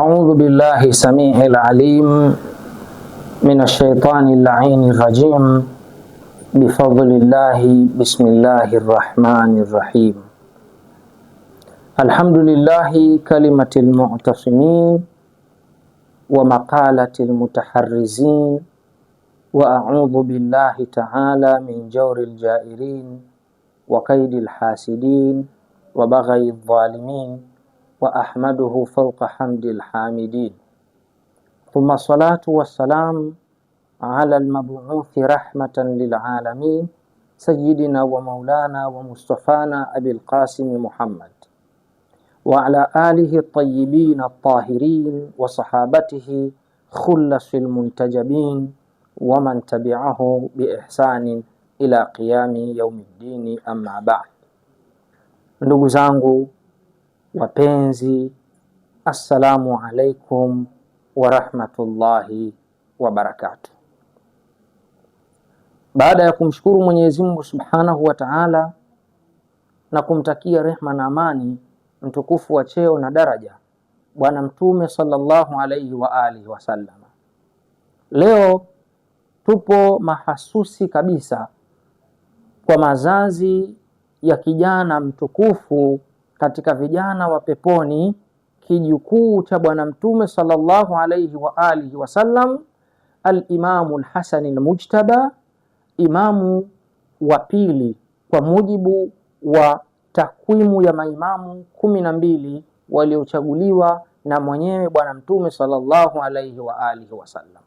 أعوذ بالله سميع العليم من الشيطان اللعين الرجيم بفضل الله بسم الله الرحمن الرحيم الحمد لله كلمة المعتصمين ومقالة المتحرزين وأعوذ بالله تعالى من جور الجائرين وكيد الحاسدين وبغي الظالمين وأحمده فوق حمد الحامدين ثم الصلاة والسلام على المبعوث رحمة للعالمين سيدنا ومولانا ومصطفانا أبي القاسم محمد وعلى آله الطيبين الطاهرين وصحابته خلص المنتجبين ومن تبعه بإحسان إلى قيام يوم الدين أما بعد ndugu Wapenzi, assalamu alaikum warahmatullahi wabarakatuh. Baada ya kumshukuru Mwenyezi Mungu subhanahu wa taala na kumtakia rehma na amani mtukufu wa cheo na daraja Bwana Mtume sallallahu alaihi wa alihi wasallama, leo tupo mahasusi kabisa kwa mazazi ya kijana mtukufu katika vijana wa peponi kijukuu cha Bwana Mtume sallallahu alayhi wa alihi wasallam, Alimamu Lhasani mujtaba imamu wa pili kwa mujibu wa takwimu ya maimamu kumi na mbili waliochaguliwa na mwenyewe Bwana Mtume sallallahu alayhi wa alihi wasallam.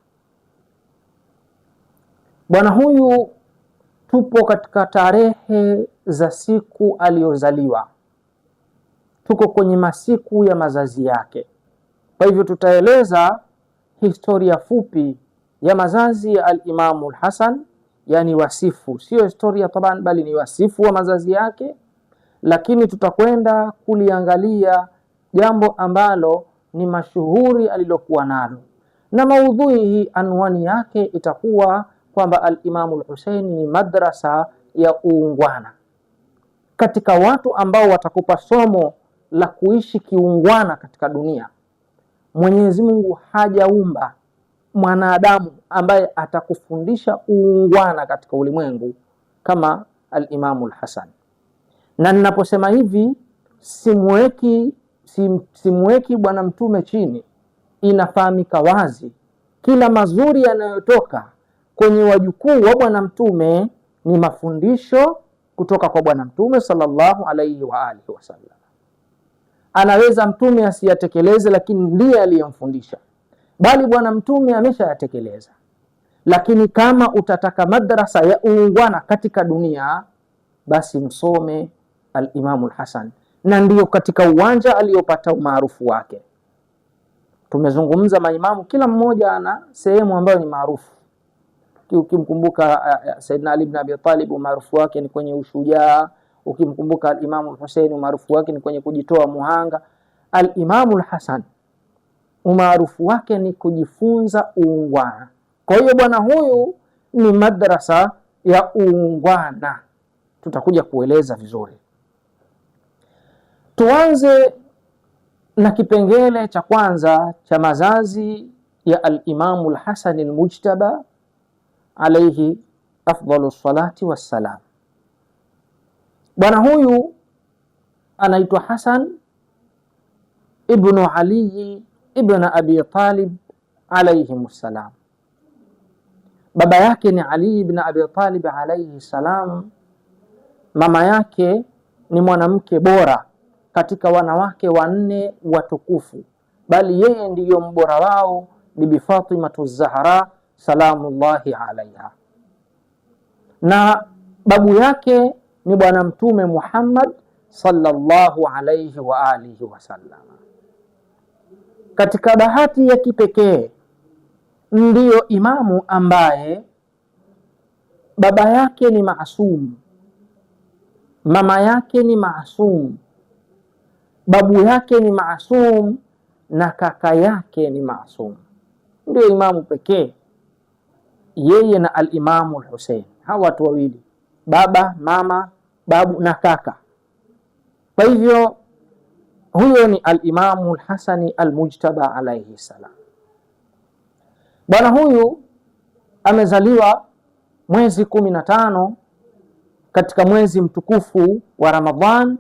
Bwana huyu tupo katika tarehe za siku aliyozaliwa tuko kwenye masiku ya mazazi yake. Kwa hivyo tutaeleza historia fupi ya mazazi ya Alimamu hasan yani wasifu, sio historia taban, bali ni wasifu wa mazazi yake, lakini tutakwenda kuliangalia jambo ambalo ni mashuhuri alilokuwa nalo, na maudhui hii anwani yake itakuwa kwamba Alimamu Lhusein ni madrasa ya uungwana. Katika watu ambao watakupa somo la kuishi kiungwana katika dunia. Mwenyezi Mungu hajaumba mwanadamu ambaye atakufundisha uungwana katika ulimwengu kama Alimamu hasan Na ninaposema hivi simweki, sim, simweki Bwana Mtume chini. Inafahamika wazi kila mazuri yanayotoka kwenye wajukuu wa Bwana Mtume ni mafundisho kutoka kwa Bwana Mtume sallallahu alaihi wa alihi wasallam anaweza mtume asiyatekeleze, lakini ndiye aliyemfundisha, bali bwana mtume ameshayatekeleza. Lakini kama utataka madrasa ya uungwana katika dunia, basi msome Alimamu Lhasan, na ndiyo katika uwanja aliyopata umaarufu wake. Tumezungumza maimamu, kila mmoja ana sehemu ambayo ni maarufu. Ukimkumbuka uh, uh, Saidina Ali bin Abi Talib, umaarufu wake ni kwenye ushujaa Ukimkumbuka Alimamu Lhusein umaarufu wake ni kwenye kujitoa muhanga. Alimamu Lhasan umaarufu wake ni kujifunza uungwana. Kwa hiyo bwana huyu ni madrasa ya uungwana, tutakuja kueleza vizuri. Tuanze na kipengele cha kwanza cha mazazi ya Alimamu Lhasani Lmujtaba alaihi afdalu lsalati wassalam. Bwana huyu anaitwa Hasan ibnu Ali ibn Abi Talib alayhim salam. Baba yake ni Ali ibn Abi Talib alayhi salam. Mama yake ni mwanamke bora katika wanawake wanne watukufu, bali yeye ndiyo mbora wao, Bibi Fatima Zahra salamullahi alayha. Na babu yake ni Bwana Mtume Muhammad sallallahu alayhi wa alihi wasallam. Katika bahati ya kipekee ndiyo imamu ambaye baba yake ni maasum, mama yake ni maasum, babu yake ni maasum na kaka yake ni maasum. Ndiyo imamu pekee, yeye na alimamu Hussein, hawa watu wawili, baba mama babu na kaka. Kwa hivyo huyo ni Alimamu Lhasani Almujtaba alaihi salam. Bwana huyu amezaliwa mwezi kumi na tano katika mwezi mtukufu wa Ramadhan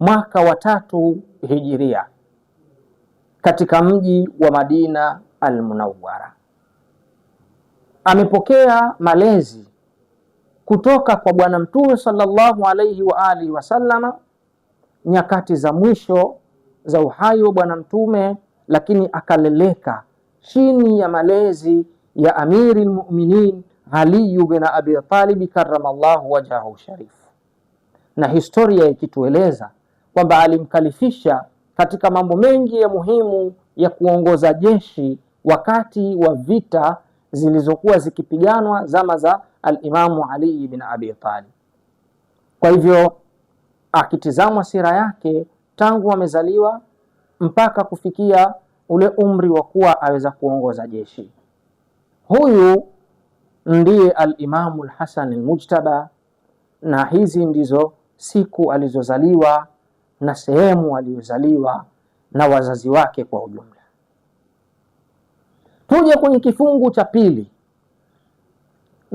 mwaka wa tatu hijiria katika mji wa Madina Almunawara. Amepokea malezi kutoka kwa Bwana Mtume sallallahu alaihi wa alihi wasallama nyakati za mwisho za uhai wa Bwana Mtume, lakini akaleleka chini ya malezi ya Amiri lmuminin Aliyu bin Abi Talib karamallahu wajhahu sharifu. Na historia ikitueleza kwamba alimkalifisha katika mambo mengi ya muhimu ya kuongoza jeshi wakati wa vita zilizokuwa zikipiganwa zama za Alimamu Ali bin Abi Talib. Kwa hivyo akitizamwa sira yake tangu amezaliwa mpaka kufikia ule umri wa kuwa aweza kuongoza jeshi, huyu ndiye Alimamu Lhasan Lmujtaba, na hizi ndizo siku alizozaliwa na sehemu aliyozaliwa na wazazi wake kwa ujumla. Tuje kwenye kifungu cha pili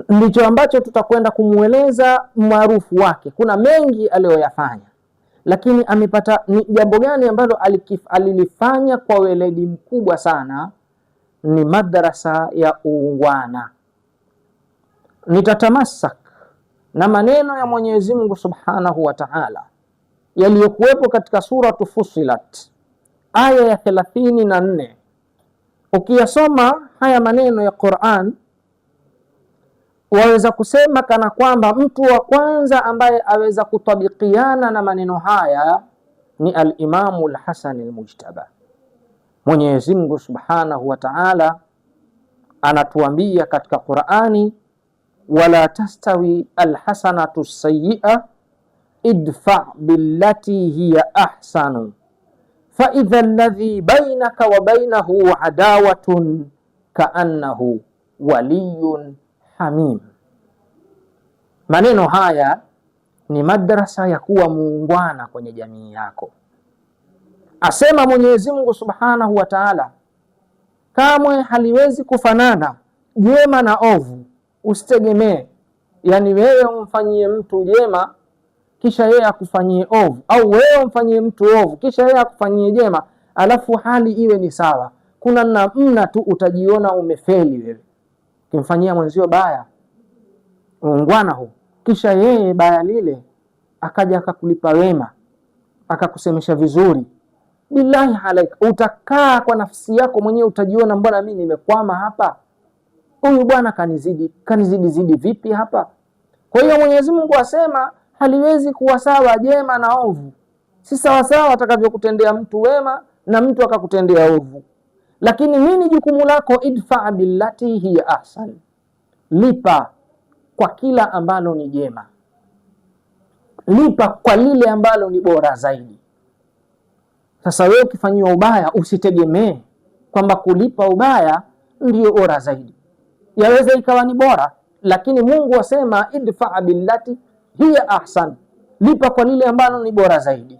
ndicho ambacho tutakwenda kumweleza maarufu wake. Kuna mengi aliyoyafanya, lakini amepata ni jambo gani ambalo alikif, alilifanya kwa weledi mkubwa sana? Ni madrasa ya uungwana. Nitatamasak na maneno ya Mwenyezi Mungu Subhanahu wa Ta'ala yaliyokuwepo katika suratu Fusilat aya ya 34. Ukiyasoma haya maneno ya Qur'an waweza kusema kana kwamba mtu wa kwanza ambaye aweza kutabikiana na maneno haya ni alimamu lhasani lmujtaba. Mwenyezi Mungu subhanahu wa taala anatuambia katika Qurani, wala tastawi alhasanatu sayyi'a idfa billati hiya ahsanu faidha alladhi bainaka wa bainahu adawatun kaannahu waliyun Hamim. Maneno haya ni madrasa ya kuwa muungwana kwenye jamii yako. Asema Mwenyezi Mungu Subhanahu wa Ta'ala, kamwe haliwezi kufanana jema na ovu, usitegemee yani wewe umfanyie mtu jema kisha yeye akufanyie ovu, au wewe umfanyie mtu ovu kisha yeye akufanyie jema, alafu hali iwe ni sawa. Kuna namna tu utajiona umefeli wewe kimfanyia mwenzio baya ungwana huu, kisha yeye baya lile akaja akakulipa wema akakusemesha vizuri, billahi halaika, utakaa kwa nafsi yako mwenyewe utajiona, mbona mimi nimekwama hapa? Huyu bwana kanizidi kanizidi zidi vipi hapa? Kwa hiyo Mwenyezi Mungu asema haliwezi kuwa sawa jema na ovu, si sawasawa atakavyokutendea mtu wema na mtu akakutendea ovu. Lakini nini jukumu lako? idfa billati hiya ahsan, lipa kwa kila ambalo ni jema, lipa kwa lile ambalo ni bora zaidi. Sasa wewe ukifanyiwa ubaya, usitegemee kwamba kulipa ubaya ndiyo bora zaidi, yaweza ikawa ni bora, lakini Mungu asema idfa billati hiya ahsan, lipa kwa lile ambalo ni bora zaidi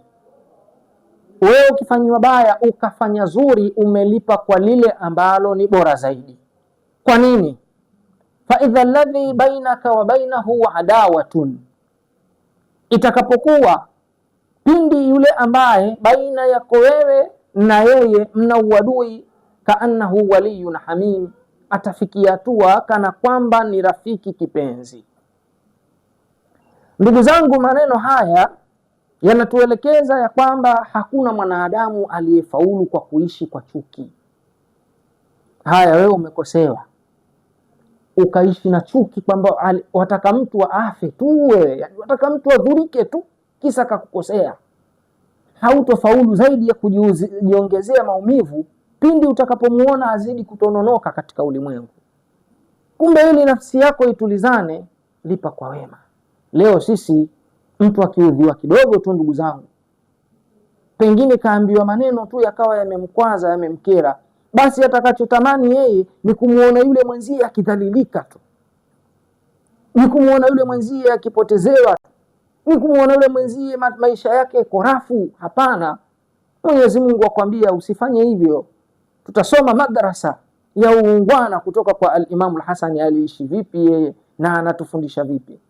wewe ukifanyiwa baya ukafanya zuri, umelipa kwa lile ambalo ni bora zaidi. Kwa nini? fa idha alladhi bainaka wa bainahu adawatun, itakapokuwa pindi yule ambaye baina yako wewe na yeye mna uadui, kaannahu waliyun hamim, atafikia hatua kana kwamba ni rafiki kipenzi. Ndugu zangu, maneno haya yanatuelekeza ya kwamba hakuna mwanadamu aliyefaulu kwa kuishi kwa chuki. Haya, wewe umekosewa ukaishi na chuki, kwamba wataka mtu aafe tu, wewe yani wataka mtu adhurike tu, kisa kakukosea. Hautofaulu zaidi ya kujiongezea maumivu pindi utakapomuona azidi kutononoka katika ulimwengu. Kumbe ili nafsi yako itulizane, lipa kwa wema. Leo sisi Mtu akiudhiwa kidogo tu, ndugu zangu, pengine kaambiwa maneno tu yakawa yamemkwaza yamemkera, basi atakachotamani yeye ni kumwona yule mwenzie akidhalilika tu, ni kumwona yule mwenzie akipotezewa, ni kumwona yule mwenzie maisha yake korafu. Hapana, Mwenyezi Mungu akwambia usifanye hivyo. Tutasoma madrasa ya uungwana kutoka kwa Alimamu Lhasani, aliishi vipi yeye na anatufundisha vipi,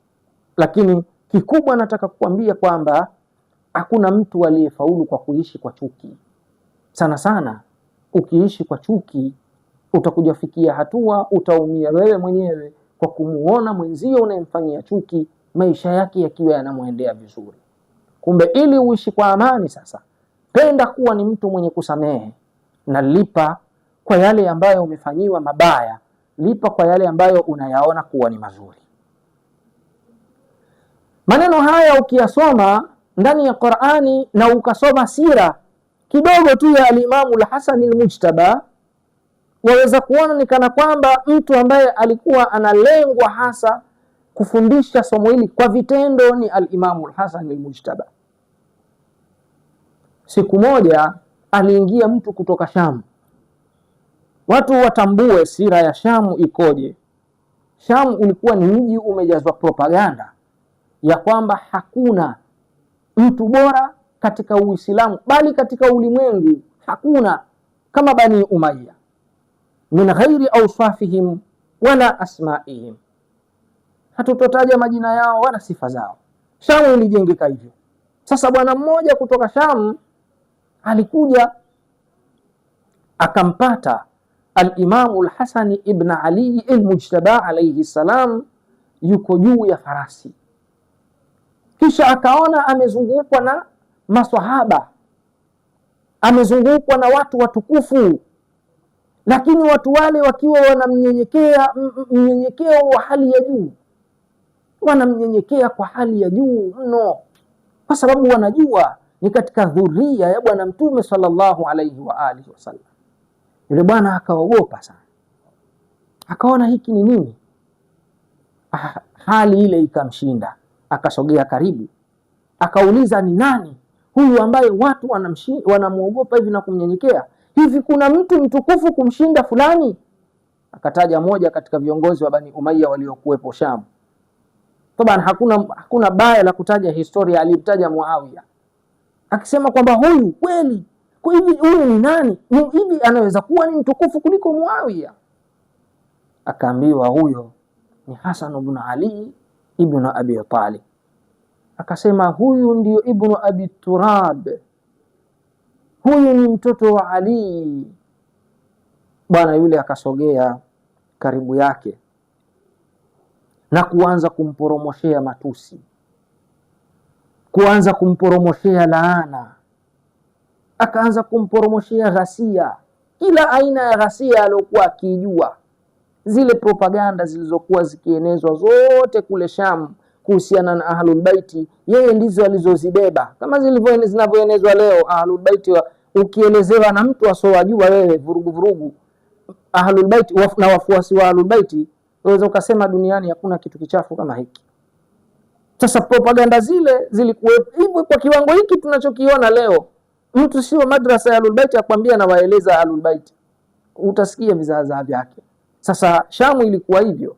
lakini Kikubwa nataka kukwambia kwamba hakuna mtu aliyefaulu kwa kuishi kwa chuki. Sana sana ukiishi kwa chuki, utakuja fikia hatua utaumia wewe mwenyewe kwa kumuona mwenzio unayemfanyia chuki, maisha yake yakiwa yanamwendea vizuri. Kumbe ili uishi kwa amani, sasa penda kuwa ni mtu mwenye kusamehe, na lipa kwa yale ambayo umefanyiwa mabaya, lipa kwa yale ambayo unayaona kuwa ni mazuri. Maneno haya ukiyasoma ndani ya Qur'ani na ukasoma sira kidogo tu ya alimamu Alhasan Almujtaba waweza kuona ni kana kwamba mtu ambaye alikuwa analengwa hasa kufundisha somo hili kwa vitendo ni alimamu Alhasan Almujtaba. Siku moja aliingia mtu kutoka sham Watu watambue sira ya Shamu ikoje. Shamu ulikuwa ni mji umejazwa propaganda ya kwamba hakuna mtu bora katika Uislamu bali katika ulimwengu hakuna kama Bani Umayya min ghairi ausafihim wala asmaihim, hatutotaja majina yao wala sifa zao. Shamu ilijengeka hivyo. Sasa bwana mmoja kutoka Shamu alikuja akampata Alimamu Lhasani ibn Ali Almujtaba alayhi salam, yuko juu ya farasi kisha akaona amezungukwa na maswahaba, amezungukwa na watu watukufu, lakini watu wale wakiwa wanamnyenyekea mnyenyekeo wa hali ya juu, wanamnyenyekea kwa hali ya juu mno, kwa sababu wanajua ni katika dhuria ya Bwana Mtume sallallahu alaihi wa alihi wasallam. Yule bwana akaogopa sana, akaona hiki ni nini? Ah, hali ile ikamshinda akasogea karibu, akauliza ni nani huyu ambaye watu wanamwogopa hivi na kumnyenyekea hivi? Kuna mtu mtukufu kumshinda fulani? Akataja moja katika viongozi wa Bani Umayya waliokuwepo Shamu. Taban, hakuna hakuna baya la kutaja historia, alimtaja Muawiya akisema kwamba huyu kweli kwa hivi, huyu ni nani hivi, anaweza kuwa ni mtukufu kuliko Muawiya? Akaambiwa huyo ni Hasan ibn Ali ibnu Abi Talib, akasema huyu ndiyo ibnu Abi Turab, huyu ni mtoto wa Ali. Bwana yule akasogea karibu yake na kuanza kumporomoshea matusi, kuanza kumporomoshea laana, akaanza kumporomoshea ghasia, kila aina ya ghasia aliyokuwa akiijua zile propaganda zilizokuwa zikienezwa zote kule Sham kuhusiana na Ahlulbaiti, yeye ndizo alizozibeba kama zinavyoenezwa leo. Ahlulbaiti ukielezewa na mtu asowajua wewe, vurugu vurugu Ahlulbaiti na wafuasi wa Ahlulbaiti, unaweza ukasema duniani hakuna kitu kichafu kama hiki. Sasa propaganda zile zilikuwa hivyo kwa kiwango hiki tunachokiona leo. Mtu sio madrasa ya Ahlulbaiti akwambia nawaeleza Ahlulbaiti, utasikia vizaazaa vyake. Sasa Shamu ilikuwa hivyo,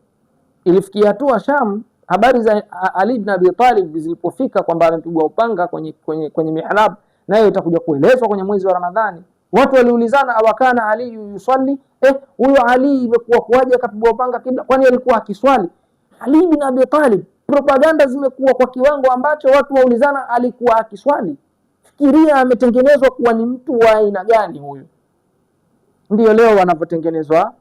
ilifikia hatua Sham habari za Ali ibn Abi Talib zilipofika kwamba amepigwa upanga kwenye, kwenye, kwenye mihrab, nayo itakuja kuelezwa kwenye mwezi wa Ramadhani. Watu waliulizana awakana Ali yusalli, eh, huyo Ali imekuwa kuwaje akapigwa upanga kibla? Kwani alikuwa akiswali? Ali ibn Abi Talib, propaganda zimekuwa kwa kiwango ambacho watu waulizana alikuwa akiswali. Fikiria ametengenezwa kuwa ni mtu wa aina gani huyu. ndio leo wanavyotengenezwa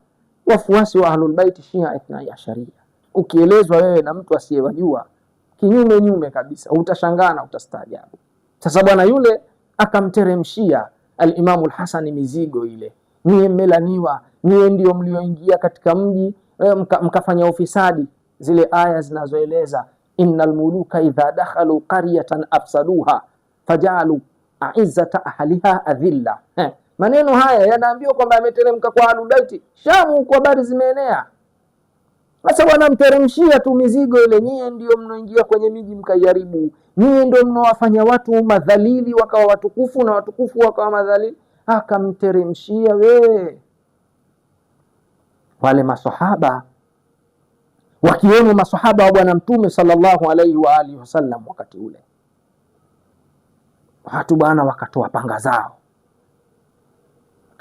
wafuasi wa Ahlulbaiti Shia Ithnai Asharia. Ukielezwa wewe na mtu asiyewajua kinyume nyume kabisa, utashangaa na utastaajabu. Sasa bwana yule akamteremshia Alimamu Lhasani mizigo ile, niye mmelaniwa, niye ndio mlioingia katika mji eh, mka, mkafanya ufisadi. Zile aya zinazoeleza inna lmuluka idha dakhalu qaryatan afsaduha fajalu aizzata ahliha adhilla eh. Maneno haya yanaambiwa kwamba yameteremka kwa alubaiti Shamu, huko habari zimeenea. Sasa wanamteremshia tu mizigo ile, nyie ndio mnaingia kwenye miji mkaiharibu, nyie ndio mnawafanya watu madhalili wakawa watukufu na watukufu wakawa madhalili. Akamteremshia we wale masahaba wakiwemo masahaba wa Bwana Mtume sallallahu alaihi wa alihi wasallam. Wakati ule watu bwana wakatoa panga zao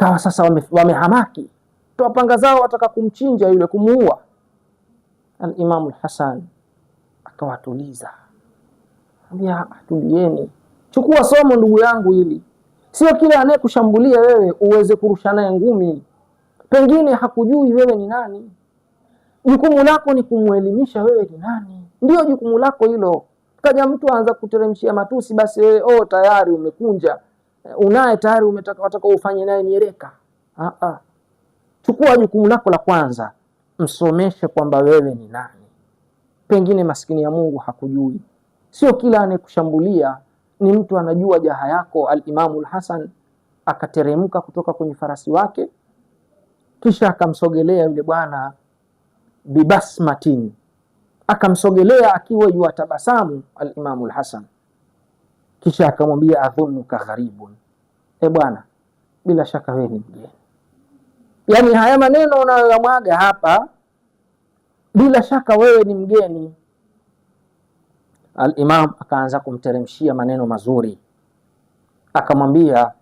Kawa sasa wame, wamehamaki toa panga zao, wataka kumchinja yule, kumuua. Alimamu Lhasan akawatuliza, ambia tulieni, chukua somo ndugu yangu, hili sio kila anayekushambulia wewe uweze kurusha naye ngumi, pengine hakujui wewe ni nani. Jukumu lako ni kumwelimisha wewe ni nani, ndio jukumu lako hilo. Kaja mtu aanza kuteremshia matusi, basi wewe oh, tayari umekunja unaye tayari umetaka wataka ufanye naye miereka Ah ah, chukua jukumu lako la kwanza, msomeshe kwamba wewe ni nani. Pengine maskini ya Mungu hakujui. Sio kila anayekushambulia ni mtu anajua jaha yako. al imamu al hasan akateremka kutoka kwenye farasi wake, kisha akamsogelea yule bwana bibasmatin, akamsogelea akiwa yuatabasamu Alimamu hasan kisha akamwambia adhunuka gharibun, e bwana, bila shaka wewe ni mgeni. Yaani haya maneno unayoyamwaga hapa, bila shaka wewe ni mgeni. Alimam akaanza kumteremshia maneno mazuri, akamwambia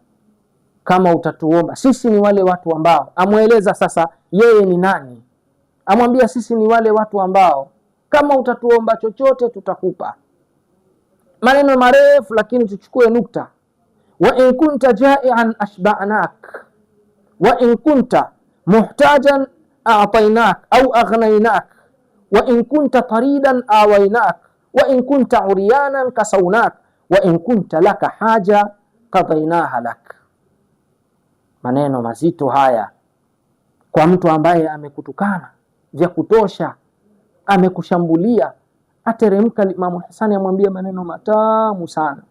kama utatuomba sisi ni wale watu ambao, amweleza sasa yeye ni nani, amwambia sisi ni wale watu ambao kama utatuomba chochote tutakupa maneno marefu, lakini tuchukue nukta. wa in kunta jaian ashbanak wa in kunta muhtajan atainak au aghnainak wa in kunta taridan awainak wa in kunta uriyanan kasaunak wa in kunta laka haja qadainaha lak. Maneno mazito haya kwa mtu ambaye amekutukana vya kutosha, amekushambulia ateremka Imamu Hasani amwambia maneno matamu sana,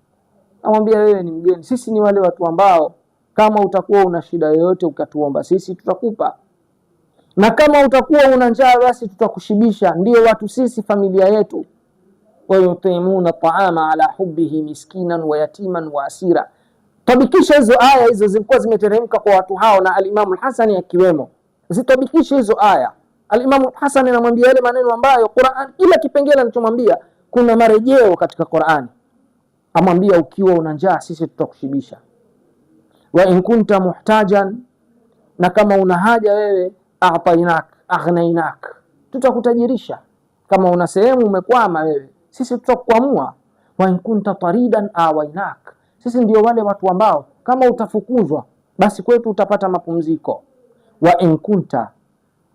amwambia wewe ni mgeni, sisi ni wale watu ambao kama utakuwa una shida yoyote ukatuomba sisi tutakupa, na kama utakuwa una njaa basi tutakushibisha. Ndio watu sisi, familia yetu. wayutimuna taama ala hubbihi miskinan wa yatiman wa asira. Tabikisha hizo aya, hizo zilikuwa zimeteremka kwa watu hao, na alimamu Hasani akiwemo, zitabikishe hizo aya. Alimamu Hasani anamwambia yale maneno ambayo Qur'an, kila kipengele anachomwambia kuna marejeo katika Qur'ani. Amwambia ukiwa una njaa sisi tutakushibisha, wa in kunta muhtajan, na kama una haja wewe, atainak aghnainak, tutakutajirisha. Kama una sehemu umekwama wewe, sisi tutakukwamua. Wa in kunta taridan awainak, sisi ndio wale watu ambao kama utafukuzwa basi kwetu utapata mapumziko. wa in kunta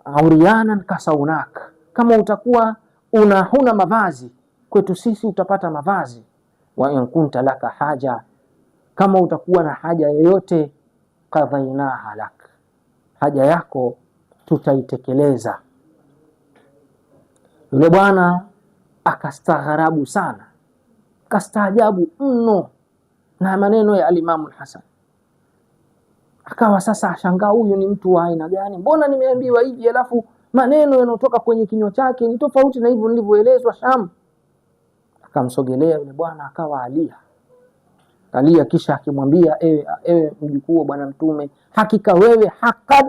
aurianan kasaunak, kama utakuwa una huna mavazi kwetu sisi utapata mavazi. Wa in kunta laka haja, kama utakuwa na haja yoyote, kadhainaha lak, haja yako tutaitekeleza. Yule bwana akastagharabu sana, kastaajabu mno na maneno ya alimamu Hasan Akawa sasa ashangaa, huyu ni mtu wa aina gani? Mbona nimeambiwa hivi, alafu maneno yanayotoka kwenye kinywa chake ni tofauti na hivyo nilivyoelezwa Sham. Akamsogelea yule bwana akawa alia alia, kisha akimwambia ewe, ewe mjukuu wa Bwana Mtume, hakika wewe hakad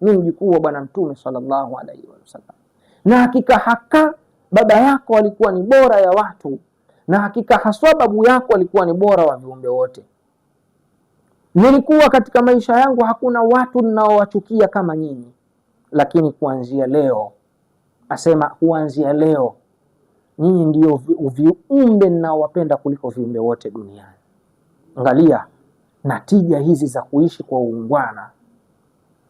ni mjukuu wa Bwana Mtume sallallahu alaihi wasallam, na hakika haka baba yako alikuwa ni bora ya watu, na hakika haswa babu yako alikuwa ni bora wa viumbe wote. Nilikuwa katika maisha yangu hakuna watu ninaowachukia kama nyinyi, lakini kuanzia leo, asema kuanzia leo, nyinyi ndio viumbe ninaowapenda kuliko viumbe wote duniani. Angalia natija hizi za kuishi kwa uungwana.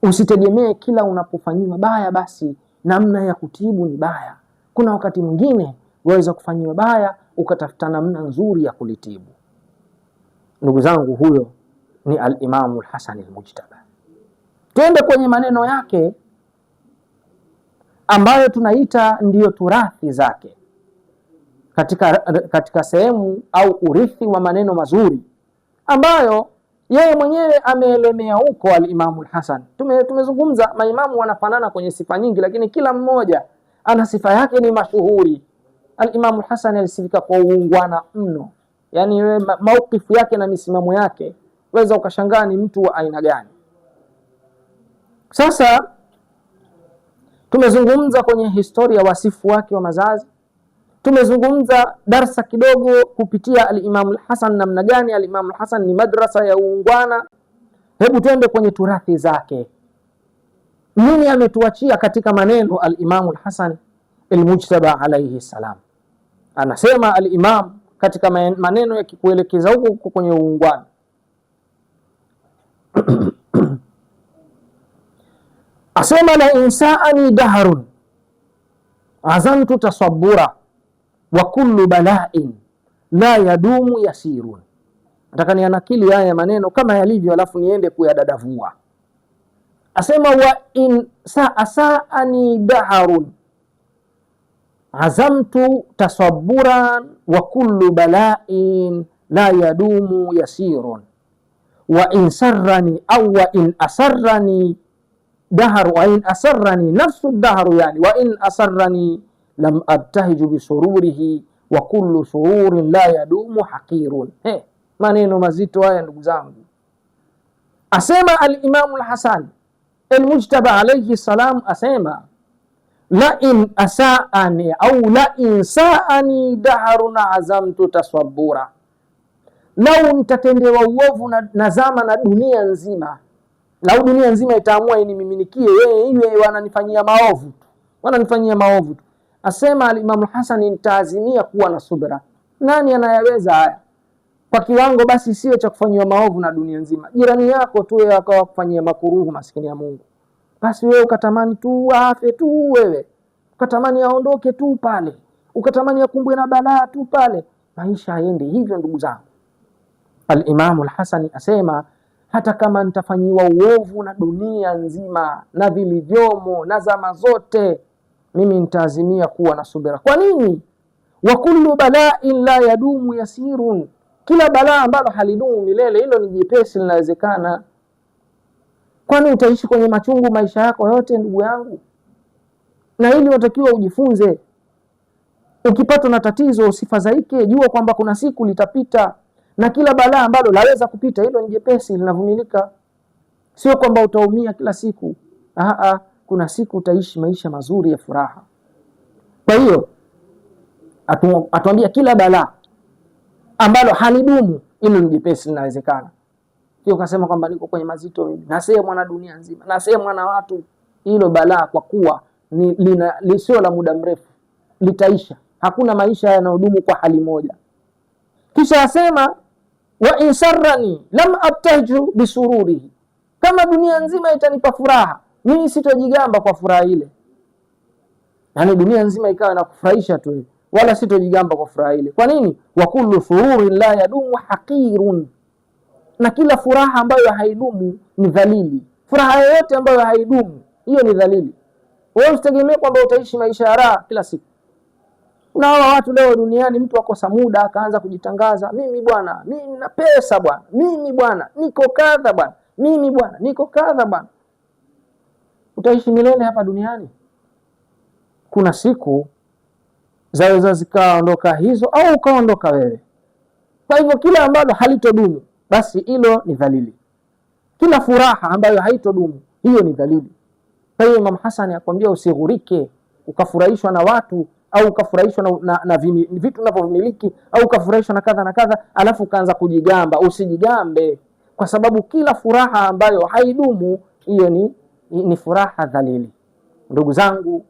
Usitegemee kila unapofanyiwa baya basi namna ya kutibu ni baya. Kuna wakati mwingine waweza kufanyiwa baya ukatafuta namna nzuri ya kulitibu. Ndugu zangu, huyo ni Alimamu Lhasani Lmujtaba. Twende kwenye maneno yake ambayo tunaita ndiyo turathi zake katika, katika sehemu au urithi wa maneno mazuri ambayo yeye mwenyewe ameelemea huko Alimamu Lhasan. Tume, tumezungumza maimamu wanafanana kwenye sifa nyingi, lakini kila mmoja ana sifa yake ni mashuhuri. Alimamu Lhasani alisifika kwa uungwana mno, yani mauqifu yake na misimamo yake waweza ukashangaa ni mtu wa aina gani. Sasa tumezungumza kwenye historia wasifu wake wa mazazi, tumezungumza darsa kidogo kupitia Alimamu Lhasan, namna gani Alimamu Lhasan ni madrasa ya uungwana. Hebu tuende kwenye turathi zake, nini ametuachia katika maneno Alimamu Lhasan Almujtaba alaihi salam. Anasema Alimamu katika maneno yakikuelekeza huko huko kwenye uungwana asema la insaani daharun azantu tasabura wa kullu bala'in la yadumu yasirun. Nataka nianakili haya maneno kama yalivyo, alafu niende kuyadadavua. Asema wa in saa saani daharun azamtu tasabburan wa kullu bala'in la yadumu yasirun وإن سرني أو وإن أسرني دهر وإن أسرني نفس الدهر يعني وإن أسرني لم أبتهج بسروره وكل سرور لا يدوم حقير ما نينو مزيت وايا نقزام أسيما الإمام الحسن المجتبى عليه السلام أسيما لئن أساءني أو لئن ساءني دهر عزمت تصبورا lau nitatendewa uovu na, na zama na dunia nzima, lau dunia nzima itaamua inimiminikie yeye, iwe wananifanyia maovu tu, wananifanyia maovu tu. Asema Alimamu Hasani, nitaazimia kuwa na subra. Nani anayaweza haya kwa kiwango? Basi sio cha kufanyiwa maovu na dunia nzima, jirani yako tu wewe akawa kufanyia makuruhu, maskini ya Mungu, basi wewe ukatamani tu afe tu, wewe ukatamani aondoke tu pale, ukatamani akumbwe na balaa tu pale, maisha haendi hivyo, ndugu zangu. Alimamu Alhasani asema hata kama nitafanyiwa uovu na dunia nzima na vilivyomo na zama zote, mimi nitaazimia kuwa na subira. Kwa nini? wa kullu bala'in la yadumu yasirun, kila balaa ambalo halidumu milele, hilo ni jepesi, linawezekana. Kwani utaishi kwenye machungu maisha yako yote, ndugu yangu? Na hili unatakiwa ujifunze. Ukipatwa na tatizo usifadhaike, jua kwamba kuna siku litapita na kila balaa ambalo laweza kupita, hilo ni jepesi, linavumilika. Sio kwamba utaumia kila siku. Aha, kuna siku utaishi maisha mazuri ya furaha. Kwa hiyo atuambia kila balaa ambalo halidumu hilo ni jepesi, linawezekana. Sio kasema kwamba niko kwenye mazito mimi, nasemwa na dunia nzima, nasemwa na watu. Hilo balaa kwa kuwa ni lina lisio la muda mrefu, litaisha. Hakuna maisha yanayodumu kwa hali moja. Kisha asema wa in lam abtahju bisururihi, kama dunia nzima itanipa furaha mimi sitojigamba kwa furaha ile. Yani dunia nzima ikawa inakufurahisha tu wala sitojigamba kwa furaha ile. Kwa nini? wa kullu sururin la yadumu haqirun, na kila furaha ambayo haidumu ni dhalili. Furaha yoyote ambayo haidumu hiyo ni dhalili. Wewe usitegemee kwamba utaishi maisha ya raha kila siku. Kuna hawa watu leo duniani, mtu akosa muda akaanza kujitangaza, mimi bwana, mimi nina pesa bwana, mimi bwana niko kadha bwana, mimi bwana niko kadha bwana. Utaishi milele hapa duniani? Kuna siku zaweza zikaondoka hizo au ukaondoka wewe. Kwa hivyo kila ambalo halitodumu basi hilo ni dhalili, kila furaha ambayo haitodumu hiyo ni dhalili. Kwa hiyo Imam Hasani akwambia usighurike ukafurahishwa na watu au ukafurahishwa na, na, na vimi, vitu unavyomiliki au ukafurahishwa na kadha na kadha, alafu ukaanza kujigamba. Usijigambe, kwa sababu kila furaha ambayo haidumu hiyo ni, ni furaha dhalili. Ndugu zangu,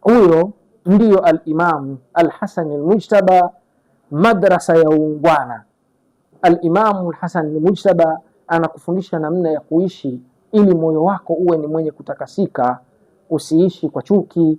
huyo ndiyo Al-Imam Al-Hasan Al-Mujtaba, madrasa ya uungwana. al imam Al-Hasan Al-Mujtaba anakufundisha namna ya kuishi ili moyo wako uwe ni mwenye kutakasika, usiishi kwa chuki